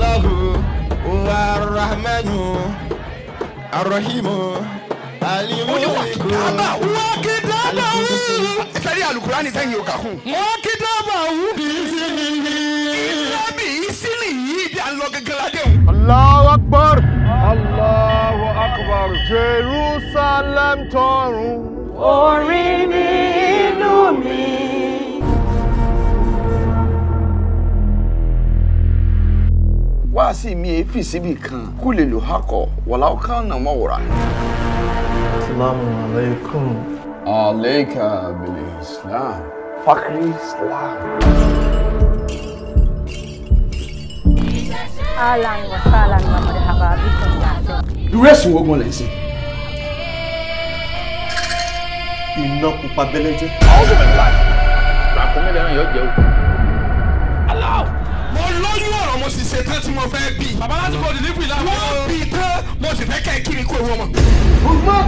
الله هو الرحمن الرحيم sẹ́rí alukurani sẹ́yìn o kà kún. wọ́n kìtàbà wù bí sílì yìí. ìtàbí yìí bí a lọ gẹ́gẹ́ ládéhùn. Allahu Akbar Allahu Akbar Jerusalem tọrùn. orí mi. wáàsí mi èé fì síbì kan kú lè lò hákọ wọ̀lá ọ̀ká ọ̀nà mọ̀ wòrà. salamu alaikum. aleika bili islam. fakiri islam. alan wa salan wa marhaba bikum ya ṣe. irú ẹ̀sùn wo gan sí. iná pupa bẹ́lẹ́jẹ́. àwọn ọmọ ìlú àti ràkúnmí lẹ́nu yóò jẹ́ òkú. tí mo fẹ́ bì. bàbá lásìkò delivery la. wọ́n bì tán mo sì fẹ́ kẹ́ kiri kó wọn mọ̀. ọgbọ́n.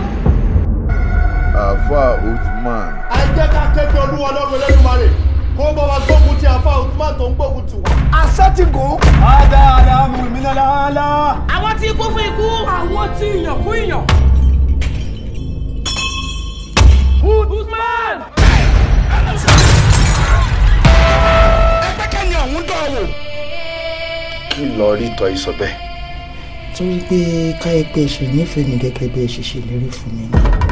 àfa Uthman. ẹ jẹ́ ká kéde olúwa lọ́gbọ̀n lẹ́nu mari kó bọ́ wa gbógun ti àfa Uthman tó ń gbógun ti wọn. asẹ́tìgò. ada alamu minalala. àwọn tí ikú fún ikú. àwọn tí ìyàn fún ìyàn. tí lọ rí tọ́ ìsọ bẹ́ẹ̀. torí pé káyọ̀ ṣe nífẹ̀ẹ́ mi gẹ́gẹ́ bí ẹ ṣe ṣèlérí fún mi ni.